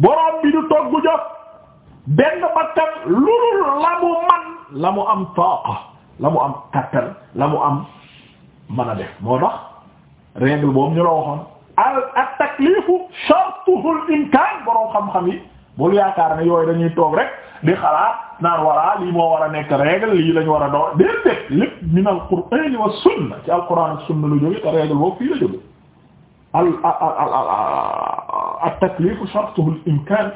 borom bi du togg jot benn bakkan lulul la mu man la mu am taaqa la mu am kattan la mu am mën a def moo tax règle boobu ñu la waxoon al at taklifu shartuhu al imkaan borom xam-xam yi bul yaakaar ne yooyu dañuy toog rek di xalaat naan wara lii moo war a nekk règle lii lañu war a doon déedéet lépp min al qur'aan wa sunna ci al qur'aan ak sunna lu jóge te règle boobu fii la jóge al al al al at-taklifu shartuhu al-imkan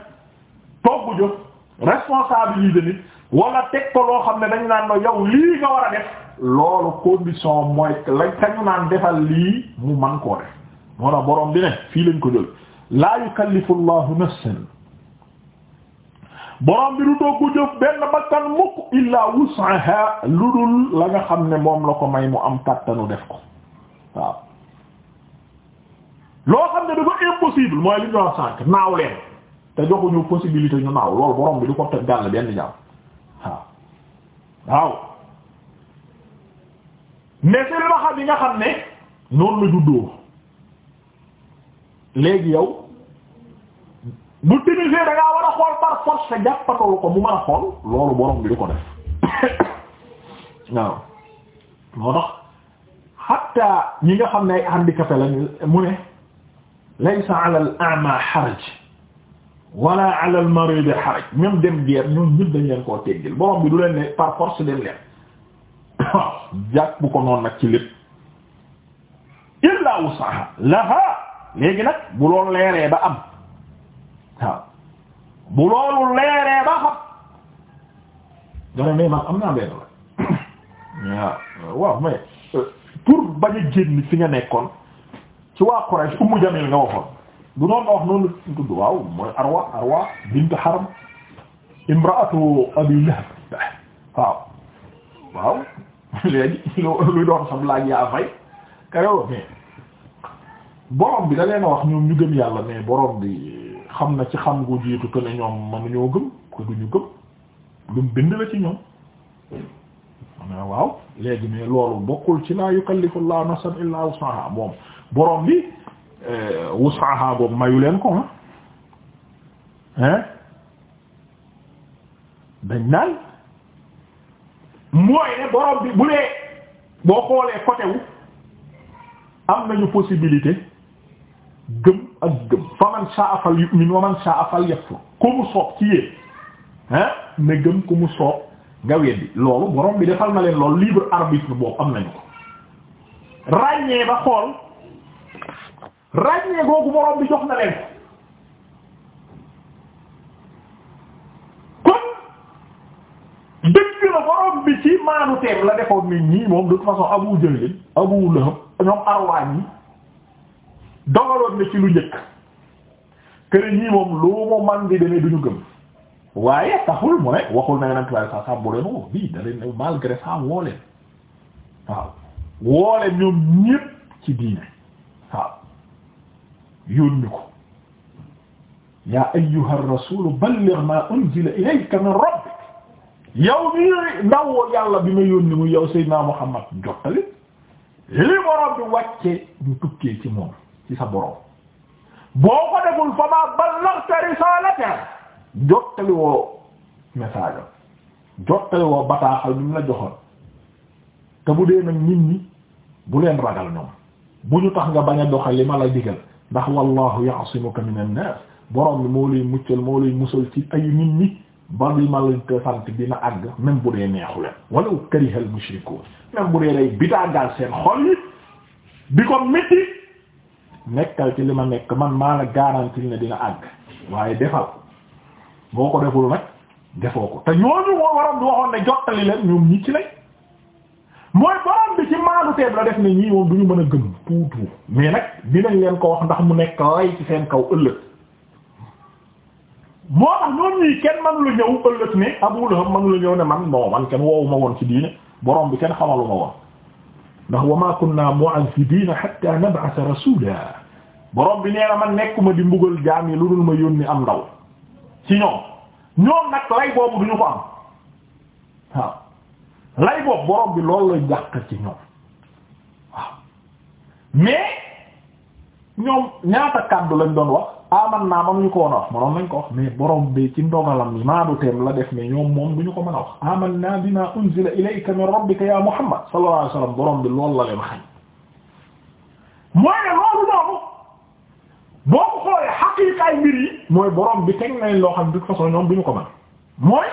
togg jëf responsabilité nit wala teg loo xam ne dañu naan no yow lii nga def loolu condition mooy lañ kañu naan defal lii mu man koo def moo tax ko jël laa yukallifu llahu nafsan boroom bi du doggu jëf benn mukk illaa wus'aha lu dul la nga xam ne moom la ko may mu am kàttanu def ko ne dafa impossible mooy li ñu wax sànk naaw leen te joxuñu possibilité ñu naaw loolu borom bi du ko teg gàll benn jàll waaw waaw mais seen raxas yi nga xam ne noonu la juddoo léegi yow bu timisee da ngaa war a xool par force sa jàppatalu ko mu mën a xool loolu borom bi du ko def waaw moo tax hatta ñi nga xam ne ay handicapé mu ne laysa ala al a'ma haraj wala al marid haraj même dem guerre ñoom ñun dañ koo teggil borom bi du leen ne par force dem leen waaw bu ko noon nag ci lépp illa wusaha laha léegi nag bu loolu leeree ba am waaw bu loolu leeree ba xam dara am naa benn la waaw waaw mais euh, pour bañ a génn fi nga nekkoon ci waa Quraysh Ummu Jamil nga waxoon du noonu nga wax noonu la tudd waaw mooy Arwa Arwa bint Harb imraatu Abi waaw waaw léegi lu doon sam yaa fay kayow mais borom bi da leen wax ñoom ñu gëm yàlla mais borom bi xam na ci xam gu jiitu que ne ñoom mënuñoo gëm que duñu gëm lu bind la ci ñoom waaw léegi mais loolu bokkul ci laa yukallifu Allahu nafsan illaa wus'ahaa moom boroom bi eh, wusaaha boobu mayu leen ko ah eh? dañ naan mooy ne borom bi bu lee boo xoolee côté wu am nañu possibilité gëm ak gëm fa man saa fal yu'min wa man saa fal yakfur ku mu soob ci yéen ah na gëm ku mu soob nga weddi loolu borom bi defal na leen loolu libre arbitre boobu am nañu ko ràññee ba xool ràññee googu borom bi jox na leen kon dëgg la borom bi ci maanu la defoon nit ñi moom de façon Abu Jahl Abu Lahab ñoom arwaan yi dogaloon na ci lu njëkk kër ñii moom lu mu man di demee duñu gëm waaye taxul mu ne waxul na yeneen tubaab saa saa bu leen woo bii da leen malgré waaw woo ñoom ñépp ci diine waaw. yónni ko yaa ayyuha ar-rasul balligh ma unzila ilayka min rabbik yow nii ndaw yàlla bi ma yónni mu yow sayyidina Muhammad jottali li borom bi wàcce ñu tukkee ci moom ci sa borom boo ko deful fa ma ballaghta risalata jottali woo message am jottali woo bataaxal bi mu la joxoon te bu dee nag nit bu leen ragal ñoom bu ñu tax nga bañ a doxal li ma la digal ndax wallahu ya'simuka min an-nas borom bi moo lay muccal moo lay musal ci ay nit ba li ma leen te sant dina àgg même bu dee neexu leen walaw kariha al-mushrikuun même bu dee seen xol yi di ko métti nekkal ci li ma nekk man maa la garantie ne dina àgg waaye defal boo ko deful nag defoo ko te ñooñu moo waroon di waxoon ne jottali leen ñoom ñi ci lay mooy borom bi ci maanu teeb la def ne ñii moom du mën a gëm tuutu mais nag nañ leen ko wax ndax mu nekk lay ci seen kaw ëllëg moo tax ñoom ñii kenn mënu la ñëw ëllëg ne Abu Lahab mënu la ñëw ne man non kenn woowu woon ci diine borom bi kenn xamalu ma woon ndax wa ma kunna mu'azzibina hatta nab'atha rasula borom bi nee na man nekkuma di mbugal jaam yi lu dul ma yónni am ndaw ci ñoom ñoom nag lay boobu duñu ko am waaw lay boobu borom bi loolu la yàq ci ñoom waaw mais ñoom ñaata kàddu lañ doon wax aman naa man ñu ko woon a wax manoon lañ ko wax mais borom bi ci ndogalam yi maadu teem la def mais ñoom moom du ñu ko mën a wax aman naa bima unzila ilayka min rabbika ya muhammad sallallahu alayhi wasallam bi loolu la leen xañ mooy ne loolu boo ko xoolee xaqiiqaay mbir yi mooy borom bi teg nañ loo xam de toute façon ñoom du ñu ko mën mooy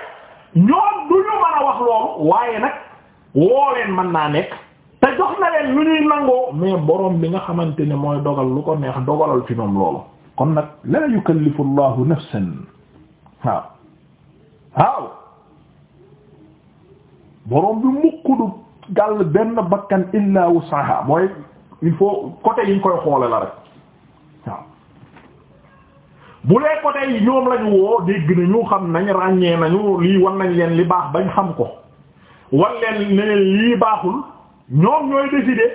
ñoom du ñu mën a wax loolu waaye nag woo leen mën naa nekk te jox na leen lu ñuy nangoo mais borom bi nga xamante ne mooy dogal lu ko neex dogalal ci ñoom loolu kon nag la yukallifu llahu nafsan waaw waaw borom bi mukk du gàll benn bakkan illa wusaha mooy il faut côté yi ñu koy xoole la rek bu lee ko tey ñoom lañu woo dégg nañu xam nañ ràññee nañu lii wan nañ leen li baax bañ xam ko wan leen ne lii baaxul ñoom ñooy décider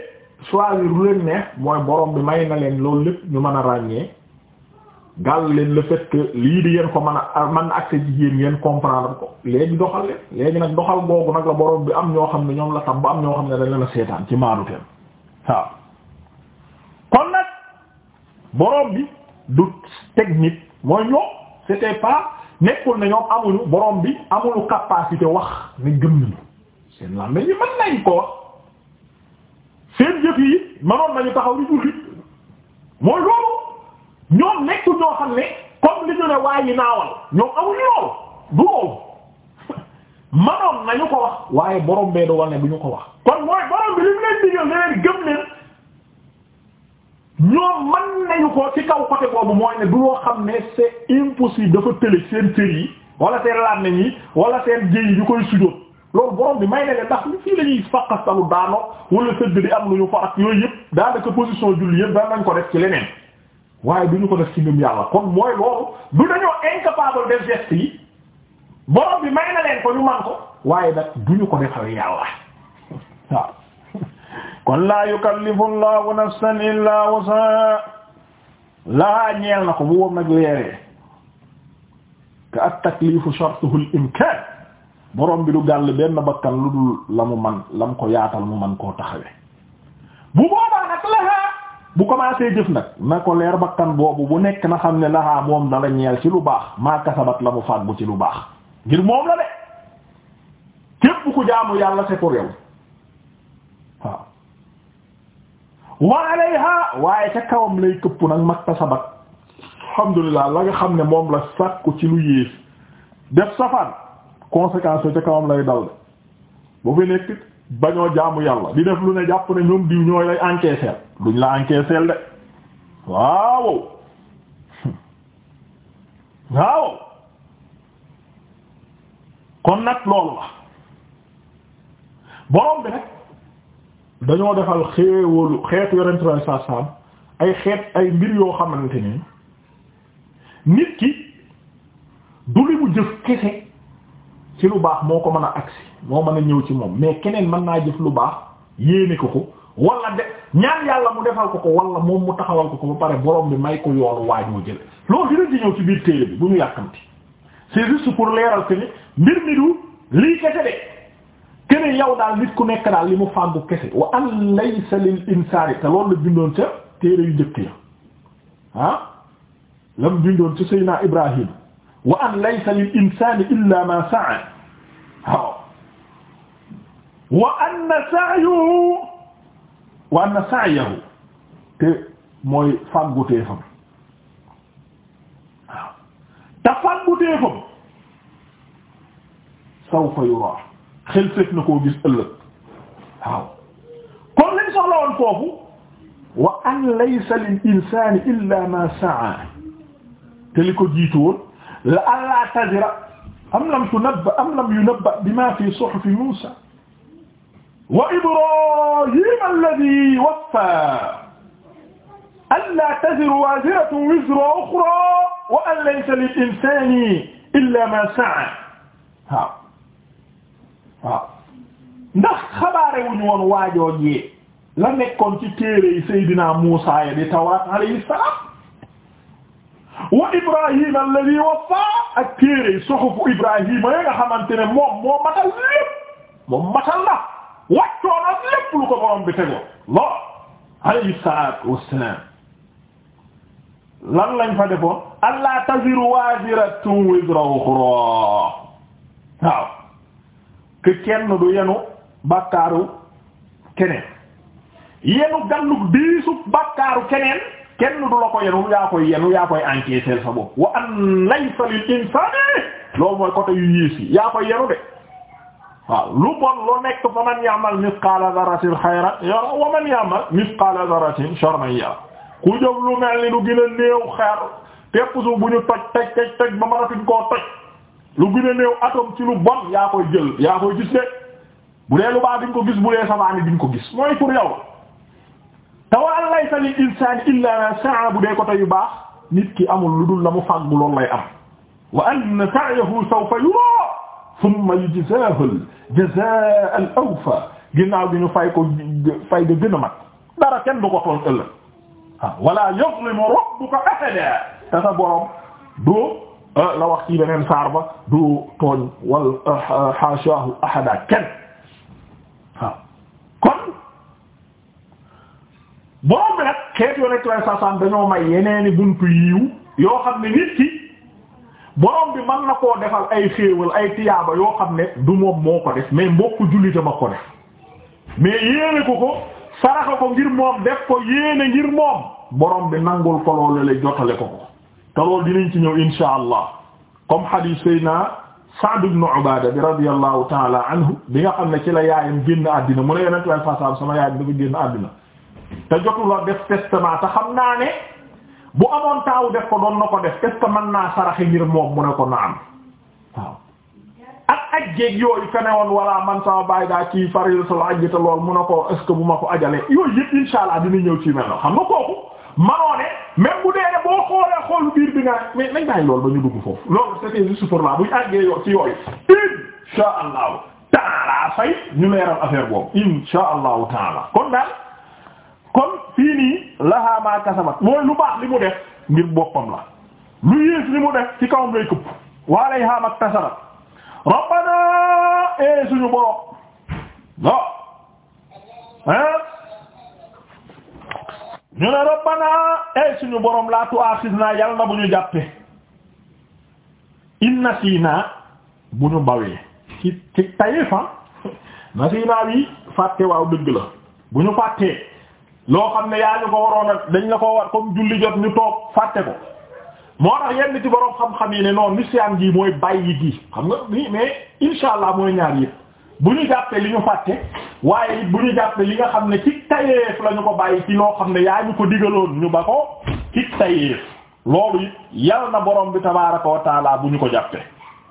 choisir lu leen neex mooy borom bi may na leen loolu lépp ñu mën a ràññee gàll leen la fait lii di yéen ko mën a mën accès ci yéen ngeen comprendre ko léegi doxal leen léegi nag doxal googu nag la boroom bi am ñoo xam ne ñoom la tam ba am ñoo xam ne dañ leen a seetaan ci maadu teen waaw kon nag borom bi. du technique mooy ñoom c'était pas nekkul ne ñoom amuñu borom bi amuñu capacité wax ne gëm nañu seen lan nañu mën nañ ko wax seen jëf yi manoon nañu taxaw di julli mooy loolu ñoom nekkul ñoo xam ne comme li ñu ne waa yi naawal ñoom amuñu loolu du loolu manoon nañu ko wax waaye borom bee du wal bu ñu ko wax kon mooy borom bi li mu leen digal ne leen gëm leen ñoom mën nañu ko ci kaw côté boobu mooy ne du loo xam ne c'est impossible dafa tële seen cër yi wala seen laaj nañ wala seen jëy yu koy sujjóot loolu borom bi may na leen ndax fii la ñuy faqasalu daanoo wala sëgg di am lu ñu farat yooyu yëpp daanaka position julli yëpp daan nañ ko def ci leneen waaye du ñu ko def ci ngëm yàlla kon mooy loolu du dañoo incapable de geste yi borom bi may na leen ko ñu man ko waaye nag du ñu ko defal yàlla waaw. kon laa yukallifu allahu nafsan illaa wusaa laa ñeel na ko bu wom nag leeree ka at taklifu shartuhu al borom bi du gàll benn bakkan lu dul la mu man la mu ko yaatal mu man koo taxawe bu boobaa nag lahaa bu commencé jëf nag na ko leer bakkan boobu bu nekk na xam ne lahaa moom dala ñeel ci lu baax maa kasabat la mu faat ci lu baax ngir moom la de képp ku jaamu yàlla c'est pour waaw wa alayha waaye ca kawam lay këpp nag maktasabat alhamdulillah la nga xam ne moom la sàkku ci lu yées def safaan conséquence ca kawam lay dal bu fi nekk bañoo jaamu yàlla di def lu ne jàpp ne ñoom diw ñooy lay encaisser duñ la encaisser de waaw waaw kon nag loolu la borom bi nag dañoo defal xéewalu xeetu yonent bi ay xeet ay mbir yoo xamante ni nit ki du li mu jëf kese ci lu baax moo ko mën a agsi moo mën a ñëw ci moom mais keneen mën naa jëf lu baax yéene ko ko walla de ñaan yàlla mu defal ko ko wala moom mu taxawal ko ko ba pare borom bi may ko yoonu waajoo jële loolu dina di ñëw ci biir téere bi bu ñu yàkkamti c'est juste pour leeral que ni mbir mi lii kese de kene yow daal ku nekk daal limu mu fàggu kese wa an laysa lil insaani te loolu la bindoon ca téere yu njëkk ya ah la mu bindoon ca Seydina Ibrahim wa an lil insaani illa ma sa'a waaw wa anna sa'yahu wa te mooy fàgguteefam waaw te fàgguteefam sawfa yuraa xel seet na koo gis ëllëg waaw kon lañ soxla woon foofu wa an laysa lil insani illa ma sa'a te li ko jiitu woon la alla tazira am lam tunabba am lam yunabba bima fi suhuf Musa wa Ibrahim alladhi waffa alla taziru waziratun wizra ukhra wa an laysa lil insani illa ma sa'a waaw waaw ndax xabaare wuñu woon waajoo jee la nekkoon ci téere yi Seydina Muusaa ya di Tawraat alayhi salaam wa Ibrahim alladhi wafa ak téere yi suhufu Ibrahima nga xamante ne moom moo matal moom matal na wàccoon ak lépp lu ko bi tegoo lo alayhi salaatu wassalaam lan lañ fa defoon allaa taziru waaziratun wizra uxraa waaw que kenn du yenu bàkkaaru keneen yenu gàllug diisu bàkkaaru keneen kenn du la ko yenu yaa koy yenu yaa koy encaisser sa bopp wa an laysa lil insani loolu mooy côté yu yiis yi yaa koy yenu de waaw lu bon lu nekk fa man ya'mal misqala dharratin khayran yara wa man ya'mal misqala dharratin sharran yara ku jëf lu mel ni lu gën a néew xeer tepp su bu ñu toj toj toj toj ba maratuñ koo toj lu gën a néew atome ci lu bon yaa koy jël yaa koy gis de bu dee lu baax diñ ko gis bu dee safaani diñ ko gis mooy pour yow te wa an laysa lil insaani illa sa'a bu dee ko tey yu baax nit ki amul lu dul la mu fàggu loolu lay am wa anna sa'yahu sawfa yura thumma yujzahu al-jazaa al-awfa ginnaaw bi ñu fay ko fay ga gën a mat dara kenn du ko tool ëllëg ah wala yuzlimu rabbuka ahada te sa borom doo la eh, wax ci beneen saar ba du tooñ wal eh, haashahu ahada kenn kon borom bi nag xeet yoo nekk lay sasam dañoo may yeneeni buntu yiiw yoo xam ne nit ki borom bi mën na koo defal ay xéewal ay tiyaaba yoo xam ne du moom moo ko def mais mbokku jullite ma ko def mais yéene ko ko saraxa ko ngir moom def ko yéene ngir moom borom bi nangul ko loolu la jotale ko ko te loolu dinañ ci ñëw insha allah comme hadith sayna Sa'd ibn Ubaada bi radiyallahu taala anhu bi nga xam ne ci la yaayam génn àddina mu ne yonent way façam sama yaayam dafa génn àddina te jotula def testament te xam naa ne bu amoon taaw def ko doon na ko def est-ce naa saraxe ngir moom mu ne ko na am waaw ak aj géeg yooyu ka woon walla man sama bàyyi daa ci fariidatul ajj te mu ne ko est bu ma ko ajalee yooyu yëpp insha allah ñëw ci mel na xam nga kooku manoo ne même bu dee boo xoolee xoolu biir bi nga mais nañ bàyyi loolu ba ñu dugg foofu loolu c'était juste pour là bu ñu àggee yo ci yooyu insha allahu taala fay ñu leeral affaire boobu insha allahu taala kon daal kon fii nii lahaa mooy lu baax li mu def ngir boppam la lu yées li mu def ci kawam lay këpp waalay haamak tasabat rabbana e eh, suñu borom lo ah ñu ne rabbana ay suñu borom laa tu'akhidna yàlla na bu ñu jàppee in nasiina bu ñu bawee ci ci tayefa ah. nasiina wi fàtte waaw dëgg la bu ñu fàttee loo xam ne yaa ñu ko waroon a dañ la ko war comme julli jot ñu toog fàtte ko moo tax yenn ci borom xam-xam yi ne noonu nisyaan gi mooy bàyyi gi xam nga nii mais insha allah mooy ñaar yëpp bu ñu jàppee li ñu fàtte waaye bu ñu jàppee li nga xam ne ci tayeef la ko bàyyi ci loo xam ne yaa ñu ko digaloon ñu ba ko ci tayeef loolu it yal na borom bi tabaaraka wa taala bu ñu ko jàppee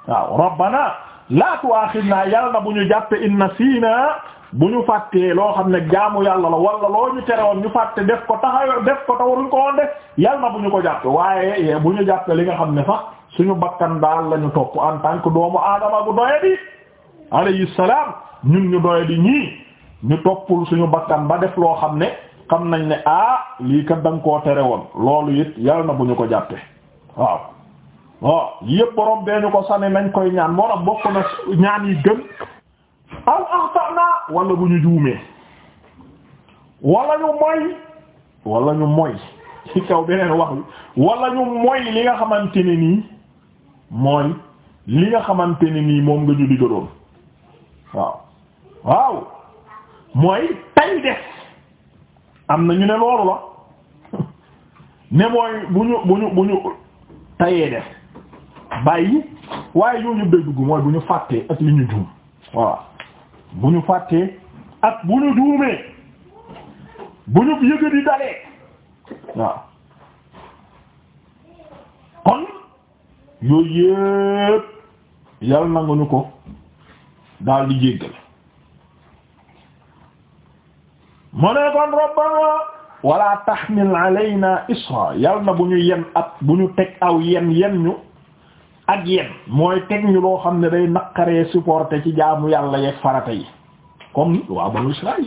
waaw rabbana la tu'akhidna yal na bu ñu jàppee in nasina bu ñu fàttee loo xam ne jaamu yàlla la wala loo ñu terewoon ñu fàtte def ko taxaw def ko tawaruñ ko woon yal na bu ñu ko jàppee waaye bu ñu jàppee li nga xam ne sax suñu bakkan daal la ñu topp en tant que doomu aadama bu doye alayhi salaam ñun ñu doy di ñii ñu toppul suñu bakkan ba def loo xam ne xam nañ ne ah lii kat da nga tere woon loolu it yàlla na bu ñu ko jàppe waaw waaw yëpp borom bee ñu ko sànni nañ koy ñaan moo tax bokk na ñaan yi gën aw bu ñu juumee wala ñu moy wala ñu moy ci kaw beneen wax wi ñu moy li nga xamante ne nii mooy li nga xamante ne nii moom nga ñu digaloon waaw waaw mooy tay am na ñu ne loolu la ne mooy bu ñu bu ñu bu ñu tayee def bàyyi waaye yooyu yëpp day mooy bu ñu fàttee ak li ñu juum waaw bu ñu fàttee ak bu ñu juumee bu ñu yëga di dalee waaw kon yooyu yëpp yàlla nanguñu ko daal di jéggal mu ne kon rabbana wala tahmil alayna isra na bu ñu yen ab bu ñu teg aw yen yen ñu ak yen mooy teg ñu loo xam ne day naqaree supporter ci jaamu yàlla yeeg farata yi comme waa banu Israël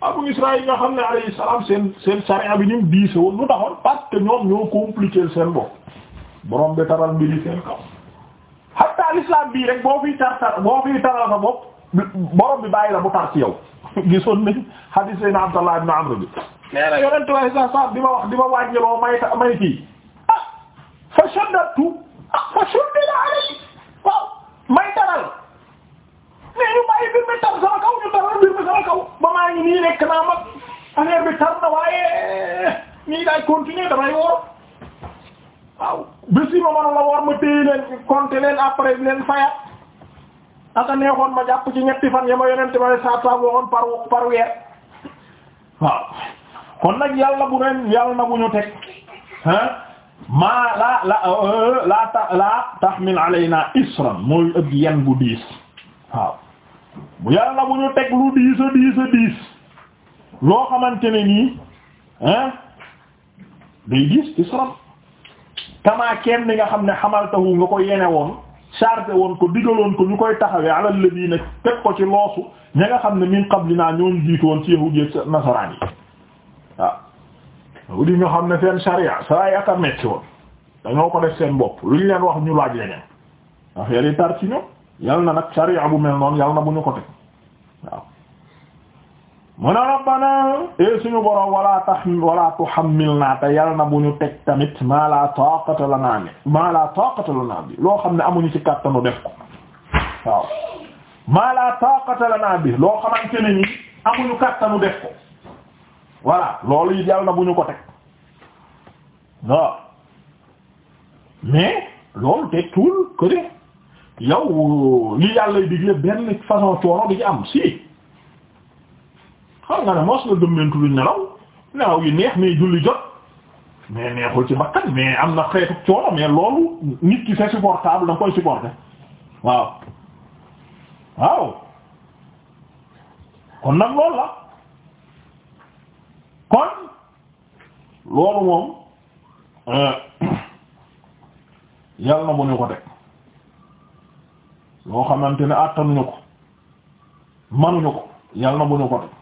waa banu Israël nga xam ne alayhi salaam seen seen bi ñu diise woon lu taxoon parce ñoom ñoo compliquer seen bopp borom bi taral mbiri seen kaw hatta l'islam bii boo fiy tar tar boo fiy taral sa bopp borom bi bàyyi la bu tar ci yow gisoon nañ hadith sayna Abdallah ibn Amr bi nee na yonentu Yàlla di ma wax di ma wàññiloo may may kii ah fa shaddatu ah fa shaddida alay may taral mais ñu bàyyi bir mi tar sama kaw ñu taral bir mi sama kaw ba maa ngi nii nekk naa mag affaire bi tar na waaye nii daay continuer damay woor bés yi ma manu la war ma téye leen compter leen après leen fayat aka neexoon ma jàpp ci ñetti fan ya ma yonente ma saa saa waxoon par par weer waaw kon nag yàlla bu neen yàlla na bu ñu teg ah maa la la euh, euh, la ta la tahmil alayna isran mooy ëpp yan bu diis waaw bu yàlla na bu ñu teg lu diis a diis a diis loo xamante ne nii ah day diis isran tamaa kenn li nga xam ne xamaltahu nga ko yene woon chargé woon ko digaloon ko ñu koy taxawee alal ala ladina teg ko ci loosu ña nga xam ne min qablina ñoom jiitu woon ci yahuudi ak nasaraan yi waaw yahuudi ñoo xam ne seen sharia saa yi aka metti woon dañoo ko def seen bopp lu ñu leen wax ñu laaj leneen affaire yi tar ci ñoom yal na nag sharia bu mel noonu yal na bu ñu ko teg waaw a ne rabbana e suñu borom wala tax wala tuhammilna te yàlla na bu ñu teg tamit maa la taqata lana bi maa la taqata lana bi loo xam ne amuñu ci kàttanu def ko waaw maa la taqata lana bi loo xamante ne ni amuñu kàttanu def ko voilà loolu it yàlla na bu ñu ko teg waaw mais loolu te tuul que de yow li yàlla digle benn façon coono di ci am si xam nga ne mos la dëm leen tudd yi neex mais julli jot mais neexul ci bakkan mais am na xeetu coono mais loolu nit ki c'est supportable da koy supporter waaw waaw kon nag loolu la kon loolu moom euh, yàlla na mu ñu ko teg loo xamante ne àttanuñu ko manuñu ko yàlla na mu ñu ko teg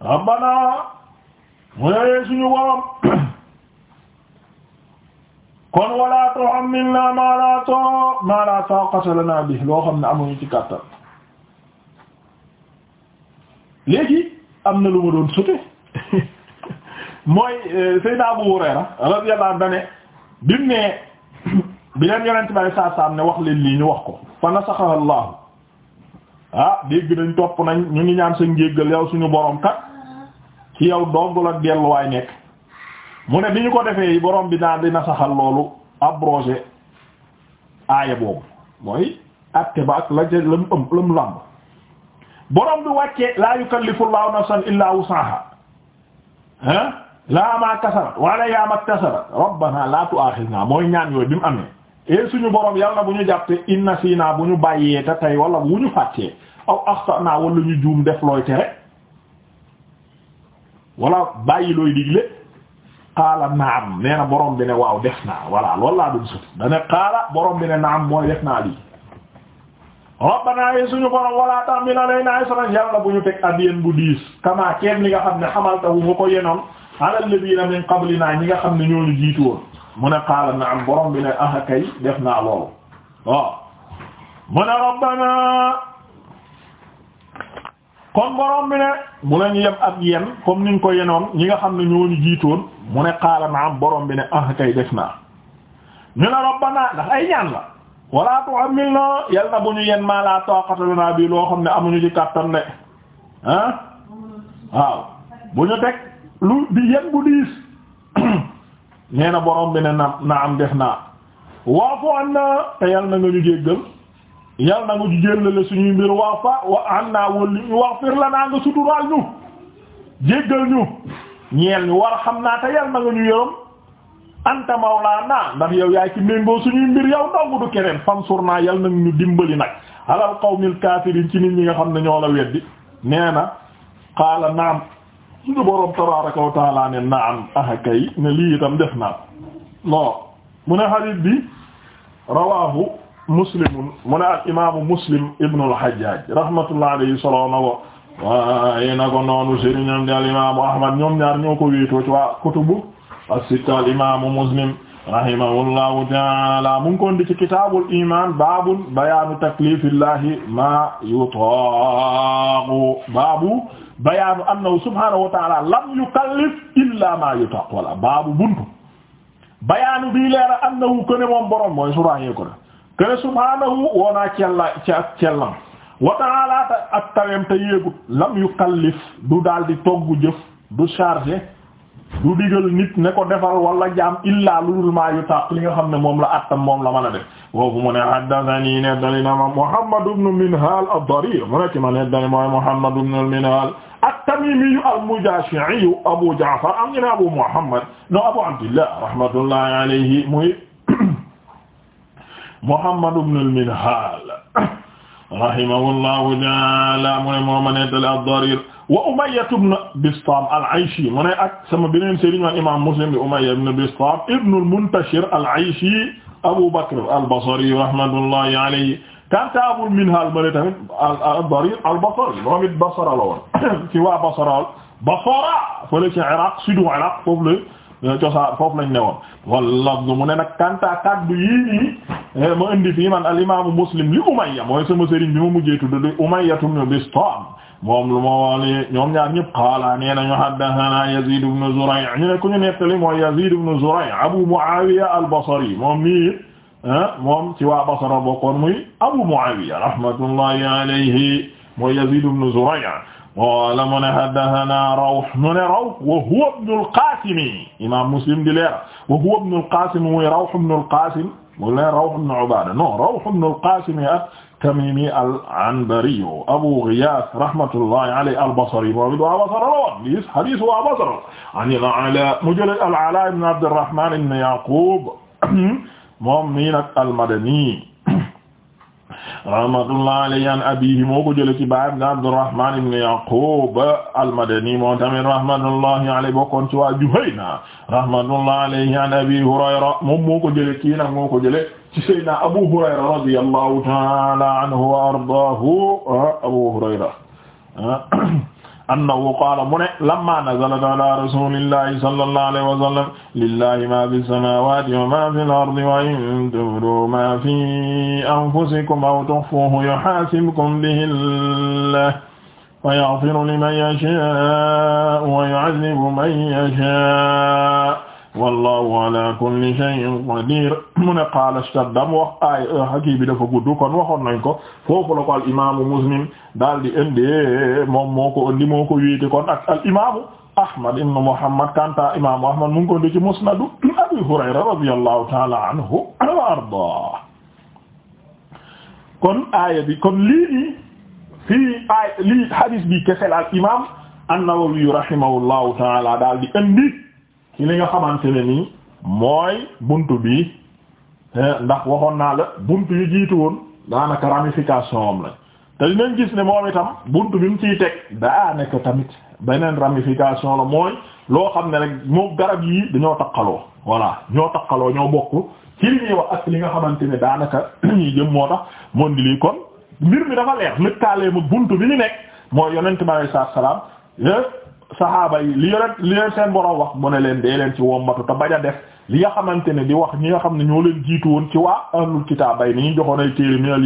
rabbana mu ne suñu borom kon wala tuhammilna ma la to ma la taqata lana bi loo xam ne amuñu ci kàttan léegi am na lu ma doon sute mooy euh, Seydina Abu Hurayra radiyallahu anhu dane bi mu ne bi leen yonent bi sallallahu alayhi ne wax leen lii ñu wax ko fa nasaxaha Allah ah dégg nañ topp nañ ñu ngi ñaan sa njéggal yow suñu borom kat ci yow dong la delluwaay nekk mu ne bi ñu ko defee boroom bi naa di saxal loolu abrogé aaya boobu mooy atte ba ak la jël la mu ëm la mu làmb bi wàccee laa yukallifu llahu nafsan illaa wusaha ah laa ma kasabat wala yaa ma kasabat rabbana laa tu'akhidna mooy ñaan yooyu bi mu amee. et eh, suñu borom yàlla bu ñu jàppee inna siinaa bu ñu bàyyee te tey wala bu ñu fàttee aw axtana wala ñu juum def looy tere wala bàyyi looy digle qaala naam nee boroom borom bi ne waaw def naa voilà loolu laa doon sut dane qaala borom bi ne naam mooy def naa lii rabbana yi suñu borom wala tahmil alayna isran yàlla bu ñu teg addiyeen bu diis kama keem li nga xam ne xamaltawu nga ko yenoon ala alladina min qablina ñi nga xam ne ñooñu jiitu woon mu ne qaala naam borom bi ne ah kay def naa loolu mu ne rabbana kon borom bi ne mu la ñu yem ak yen comme niñ ko yenoon ñi nga xam ne ñoo ñu jiitoon mu ne xaala na am borom bi ne ah kay def naa ñu ne rabbana ndax ay ñaan la wala tuhammilna yal na bu ñu yen maa la taqata lana bi loo xam ne amuñu ci kàttan de ah waaw bu ñu teg lu di yen bu diis nee na borom bi ne na na am def naa waafu an na te yal na nga ñu jéggal yal na nga jëllale suñuy mbir wax fa wa an naa wëlli ñu wax fir naa nga suturaal ñu jéggal ñu ñeel ñu war xam naa te yal na nga ñu yërëm anta mawlaana ndax yow yaay ci méngoo suñuy mbir yow dong du keneen fansur naa yal na ñu dimbali nag alal qawmil kaafiriin ci nit ñi nga xam ne ñoo la weddi nee na qaala naam suñu boroom tabaaraka wa taala ne naam ah kay ne lii itam def naa non mu ne hadith bi rawaahu muslimun mu ne al imaamu muslim ibnu al-Hajjaj rahmatullah alayhi soloo na ko waaye na ko noonu sëriñam di al imaamu ahmad ñoom ñaar ñoo ko wéetoo ci waa kutubu as-sitta al imaamu muslim rahimahullahu taala mu ngi kon di ci kitaabul iman baabul bayaanu taklifillahi ma yutaqu baabu bayaanu annahu subhanahu wa taala lam yukallif illa ma yutaq wala baabu buntu bayaanu bii leera annahu ko ne moom borom mooy suraxee ko def kene subhaanahu woonaa cella ci ak cellam wa ta'ala ak tawem te yéegut lam yu kallif du daal di togg jëf du chargé du digal nit ne ko defal wala jaam illaa ludul maa yu tàq li nga xam ne moom la attam moom la mën a def woofu mu ne haddathanii ne dali na ma Muhammad ibn Minhal ad-Darir mu nekki ma ne dali mooy Muhammad ibn Minhal at-Tamimi al-Mujashi'i Abu Ja'far am ñu ne Abu Muhammad no Abu Abdillah rahmatullahi alayhi muy Muhammad ibn al-Minhal rahimahullahu taala mu ne moo ma nettali ad-Darir wa Umayya ibn Bistam al-Ayshi mu ne ak sama beneen sëriñ man imam Muslim bi Umayya ibn Bistam ibn al-Muntashir al-Ayshi Abu Bakr al-Basri rahmatullahi alayhi kanta Abul Minhal ma ne tamit ad-Darir al-Basri moom it Basra la woon ci waa Basra Basra fële ci Iraq sudu Iraq foofu la Eh, cosaan foofu lañ ne woon wallafdu mu ne nag kanta kaddu yii nii eh, ma indi fii man al imaamu muslim li umayya mooy sama sëriñ bi ma mujjee tudd di umayyatu ibn bistam moom lu ma woolee ñoom ñaar ñëpp qaala nee nañu haddathana yazid ibn zuray' ñu ne ku ñu nettali mooy yazid ibn zuray' abu muawiya al basri moom nii eh, moom ci waa basra bokkoon muy abu muawiya rahmatullahi alayhi mooy yazid ibn zuray' wala mu ne haddathana Rawh mu ne Rawh wa huwa ibnul Qaasim imaam Muslim di leera wa huwa ibnul Qaasim muy Rawh ibnul Qaasim mu ne Rawh ibnu Ubaada non Rawh ibnul Qaasim at-Tamiimi al-Anbari Abu Ghiyaas rahmatullahi alayhi al-Basri moom it waa Basra la woon gis hadiis waa Basra an al-Alaa mu jëlee al-Alaa ibnu Abdirrahmaan ibnu Yaquub moom mii nag al-Madani rahmatullah alayhi an abihi moo ko jële ci baayam nga Abdurrahman ibn Yaqub al-Madani moo tamit rahmatullahi alayhi bokkoon ci waa Juhayna rahmatullah alayhi an Abi Hurayra moom moo ko jële kii nag moo ko jële ci Seydina Abu Hurayra radiyallahu ta'ala anhu wa ardaahu ah, Abu Hurayra ah, annahu qaala mu ne lamma nazalat ala rasulillahi sallallahu alayhi wa sallam lillahi ma fi samawati wa ma fi al-ardi wa in tubdu ma fi anfusikum aw tukhfuhu yuhasibkum bihi llah wa yaghfiru liman yasha'u wa yu'adhibu man yasha'u wallahu ala kulli shay'in qadir mu ne qaala staddam bi dafa gudd kon waxoon nañ ko foofu al imamu muslim daal di indee moom moo ko kon al imamu ahmad ibn muhammad kanta imamu ahmad mu ngi ko musnadu abi hurayra radiyallahu taala anhu an-nawawi rahimahullahu taala daal di ci li nga xamante ne nii mooy buntu bi eh, ndax waxoon naa la buntu yu jiitu woon daanaka ramification am lañ te dinañ gis ne moom itam bunt bi mu ciy teg daanaka tamit beneen ramification la mooy loo xam ne rek moo garab yii dañoo takkaloo voilà ñoo takkaloo ñoo bokk ci li ak li nga xamante ne daanaka ñuy jëm moo tax moom di lii kon mbir mi dafa leer lëkkaaleem ak buntu bi ñu nekk mooy yonent bi alayhi salaam eh, saxaaba yi li leen li leen seen borom wax mu ne leen dee leen ci wommatu te bañ a def li nga xamante ne di wax ñi nga xam ne ñoo leen jiitu woon ci waa ahlul kitaab bay ni ñu joxoon ay téere min al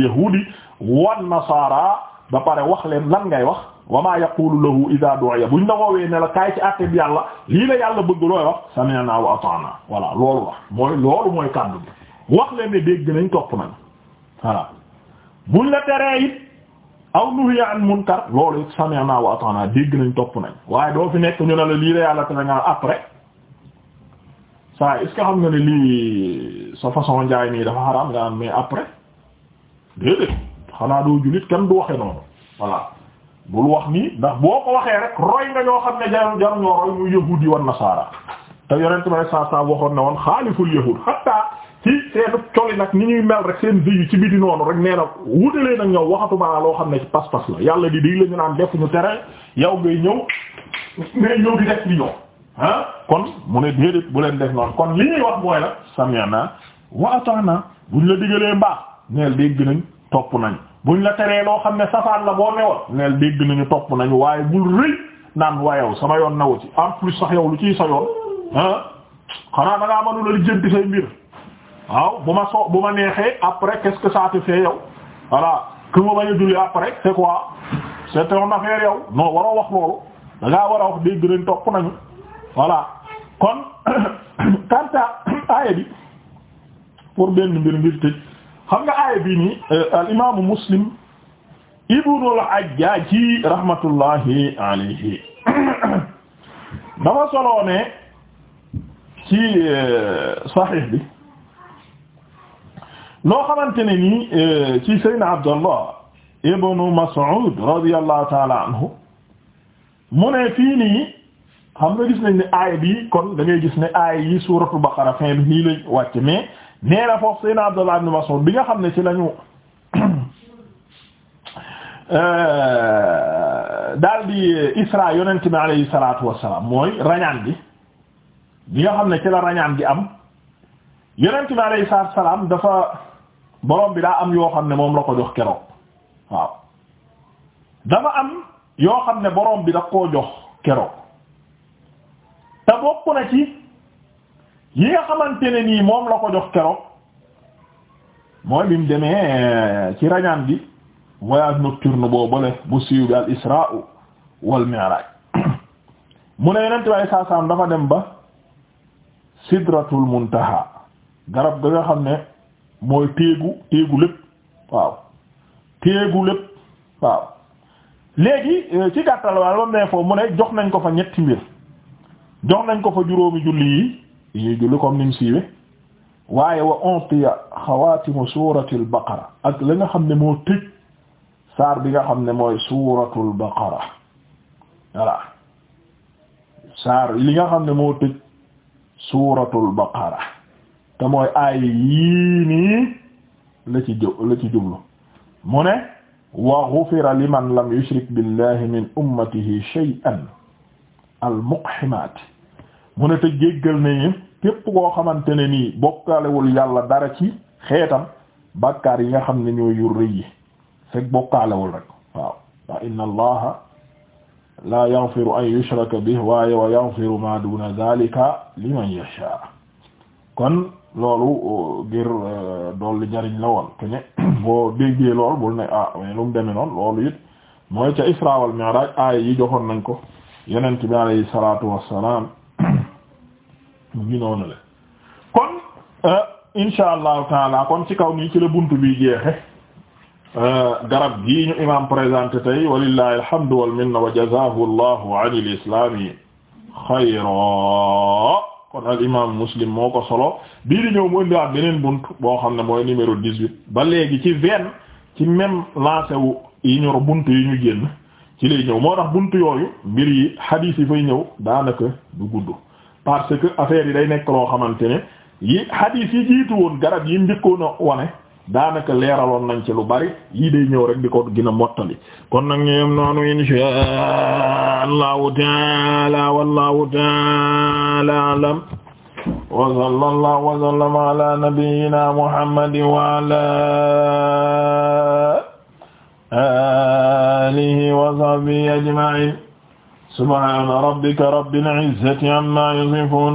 wan nasaara ba pare wax leen lan ngay wax wa maa yaqulu lahu idha bu ñu la woowee ne la kaay ci àtte bi yàlla lii la yàlla bëgg looy wax sami'na wa ata'na voilà loolu la mooy loolu mooy kàddu bi wax leen ne dégg nañ topp nañ voilà buñ la teree aw nuhiya an munkar loolu it sami'na wa ata'na dégg nañ topp nañ waaye doo fi nekk ñu ne la lii la yàlla te nga après ça est xam nga ni lii sa façon njaay nii dafa xaraam nga naan mais après déedéet xanaa doo jullit kenn du waxe noonu voilà bul wax nii ndax boo ko waxee rek roy nga ñoo xam ne jar roy mu yahudi wan nasaara te yonent bi sallallahu alayhi waxoon na woon xaaliful yahud hatta ci seenu coli nag ni ñuy mel rek seen viyu ci biti noonu rek nee na wutalee nag ñoom loo xam ne ci pas-pas la yàlla di di la ñu naan defuñu tere yow ngay ñëw ngay ñëw di def li ñoo ah. kon mu ne déedéet bu leen def noonu kon li ñuy wax mooy la sami'na wa bu buñ la diggalee mbaax neel dégg nañ topp nañ buñ la teree loo xam ne safaan la boo newoon neel dégg nañu topp nañu waaye bul rëy naan wayow sama yoon nawu ci en plus sax ah. xanaa da ngaa mënula lijjanti say mbir waaw bu ma so bu ma neexee après quest que ça fait yow voilà que ma bañ a après c'est quoi c'est ton affaire yow non waroo wax loolu da ngaa war a wax dégg nañ topp nañu voilà kon kanta aaya bi pour benn mbir ngir tëj xam nga aaya bi nii euh, al imaamu muslim ibnul hajjaaji rahmatullahi alayhi dafa soloo ci euh, saxiix bi loo xamante ne nii euh, ci Seydina Abdallah ibnu Mas'ud radiyallahu taala anhu mu ne fii nii xam nga gis ne aaya bi kon da ngay gis ne aaya yi suuratu Baqara fin bi nii lañ wàcc mais foofu Seydina Abdallah ibnu Mas'ud bi nga xam ne ci lañu euh, daal di israa yonent bi rañaan bi nga xam ne ci la rañaan bi am yonent bi alayhi boroom bi daa am yoo xam ne moom la ko jox keroog waaw dafa am yoo xam ne borom bi da koo jox keroog te bokk na ci yi nga xamante ne nii moom la ko jox keroog mooy bi demee ci rañaan bi voyage nocturne boobale bu siiw bi al isra wal mi'raj mu ne yeneen tubaab saa dafa dem ba sidratul muntaha garab ga nga xam ne. mooy téegu téegu lépp waaw téegu lépp waaw léegi euh, ci gàttal wala ba mee foofu mu ne jox nañ ko fa ñetti mbir jox nañ ko fa juróomi julli yi ñuy julli comme niñ siiwe waaye wa ontiya xawaatimu suuratul baqara ak la nga xam ne moo tëj saar bi nga xam ne mooy suuratul baqara voilà saar li nga xam ne moo tëj suuratul baqara te mooy aay yii la ci ci jublu mu ne wa ghufira liman lam yushrik billahi min ummatihi shay'an al muqhimat mu ne te jéggal nañu képp koo xamante ne nii bokkaalewul yàlla dara ci xeetam bàkkaar yi nga xam ne ñoo yu rëy yi fekk bokkaalewul rek waaw wa la yaghfiru an yushraka bihi waaye wa yaghfiru ma duna dhalika liman yasha loolu euh, ngir euh, dolli jariñ la woon te boo déggee lool bul ne ah mais nu loolu it mooy ca Isra wal Mi'raj aay yi joxoon nañ ko yonent bi alayhi salaatu wassalaam mu ngi le kon euh, insha allahu taala kon ci kaw nii ci la buntu bi jeexe garab gii imam présenté tey walillahi alhamdu wal minna wa jazaahu islami xayra kon al imam muslim moo ko solo bii di ñëw mu indiwaat beneen bunt boo xam ne mooy numéro dix-huit ba léegi ci vingt ci même lancé wu yi ñoro bunt yi ñu génn ci lay ñëw moo tax bunt yooyu mbir yi hadith yi fay ñëw daanaka du gudd parce que affaire yi day nekk loo xamante ne yi hadith yi jiitu woon garab yi njëkkoon a wane daanaka leeraloon nañ ci lu bari yii day ñëw rek di ko gën a mottali kon nag ñu yem noonu inshaa allahu taala wallahu taala alam wa sallallahu wa sallama ala nabiyyina muhammadin wa ala alihi wa sahbihi ajma'in subhana rabbika rabbil izzati amma yasifun